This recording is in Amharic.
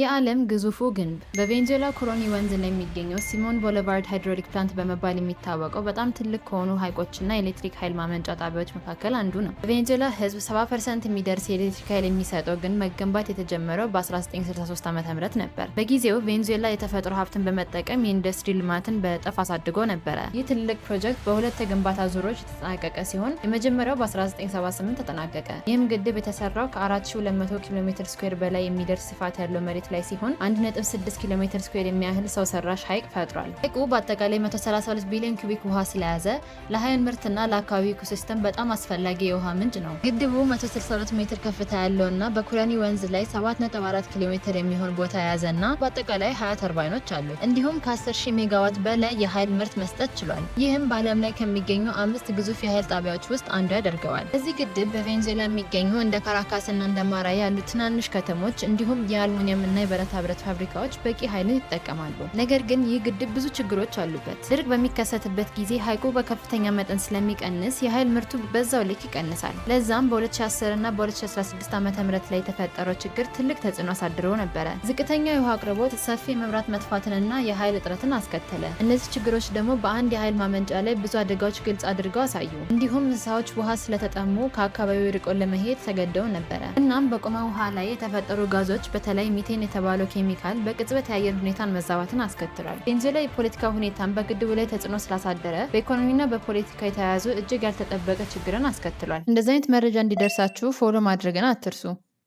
የዓለም ግዙፉ ግንብ በቬንዙዌላ ኮሎኒ ወንዝ ላይ የሚገኘው ሲሞን ቦሌቫርድ ሃይድሮሊክ ፕላንት በመባል የሚታወቀው በጣም ትልቅ ከሆኑ ሀይቆችና የኤሌክትሪክ ኃይል ማመንጫ ጣቢያዎች መካከል አንዱ ነው። በቬንዙዌላ ህዝብ 70 ፐርሰንት የሚደርስ የኤሌክትሪክ ኃይል የሚሰጠው ግንብ መገንባት የተጀመረው በ1963 ዓ ም ነበር። በጊዜው ቬንዙዌላ የተፈጥሮ ሀብትን በመጠቀም የኢንዱስትሪ ልማትን በእጥፍ አሳድጎ ነበረ። ይህ ትልቅ ፕሮጀክት በሁለት የግንባታ ዙሮች የተጠናቀቀ ሲሆን የመጀመሪያው በ1978 ተጠናቀቀ። ይህም ግድብ የተሰራው ከ4200 ኪሎ ሜትር ስኩዌር በላይ የሚደርስ ስፋት ያለው መሬት ላይ ሲሆን 1.6 ኪሎ ሜትር ስኩዌር የሚያህል ሰው ሰራሽ ሐይቅ ፈጥሯል። ሐይቁ በአጠቃላይ 132 ቢሊዮን ኩቢክ ውሃ ስለያዘ ለሀይን ምርትና ለአካባቢ ኢኮሲስተም በጣም አስፈላጊ የውሃ ምንጭ ነው። ግድቡ 162 ሜትር ከፍታ ያለውና በኩረኒ ወንዝ ላይ 7.4 ኪሎ ሜትር የሚሆን ቦታ የያዘና በአጠቃላይ 20 ተርባይኖች አሉ። እንዲሁም ከ10,000 ሜጋዋት በላይ የኃይል ምርት መስጠት ችሏል። ይህም በዓለም ላይ ከሚገኙ አምስት ግዙፍ የኃይል ጣቢያዎች ውስጥ አንዱ ያደርገዋል። እዚህ ግድብ በቬንዙዌላ የሚገኙ እንደ ካራካስና እንደ ማራ ያሉ ትናንሽ ከተሞች እንዲሁም የአልሙኒየም የብረትና የብረታ ብረት ፋብሪካዎች በቂ ኃይልን ይጠቀማሉ። ነገር ግን ይህ ግድብ ብዙ ችግሮች አሉበት። ድርቅ በሚከሰትበት ጊዜ ሀይቁ በከፍተኛ መጠን ስለሚቀንስ የኃይል ምርቱ በዛው ልክ ይቀንሳል። ለዛም በ2010 እና በ2016 ዓ ም ላይ የተፈጠረው ችግር ትልቅ ተጽዕኖ አሳድሮ ነበረ። ዝቅተኛ የውሃ አቅርቦት ሰፊ የመብራት መጥፋትንና የኃይል እጥረትን አስከተለ። እነዚህ ችግሮች ደግሞ በአንድ የኃይል ማመንጫ ላይ ብዙ አደጋዎች ግልጽ አድርገው አሳዩ። እንዲሁም እንስሳዎች ውሃ ስለተጠሙ ከአካባቢው ርቆ ለመሄድ ተገደው ነበረ። እናም በቆመ ውሃ ላይ የተፈጠሩ ጋዞች በተለይ ሚቴን ቤንዚን የተባለው ኬሚካል በቅጽበት የአየር ሁኔታን መዛባትን አስከትሏል። ቤንዚን ላይ የፖለቲካ ሁኔታን በግድቡ ላይ ተጽዕኖ ስላሳደረ በኢኮኖሚና በፖለቲካ የተያያዙ እጅግ ያልተጠበቀ ችግርን አስከትሏል። እንደዚህ አይነት መረጃ እንዲደርሳችሁ ፎሎ ማድረግን አትርሱ።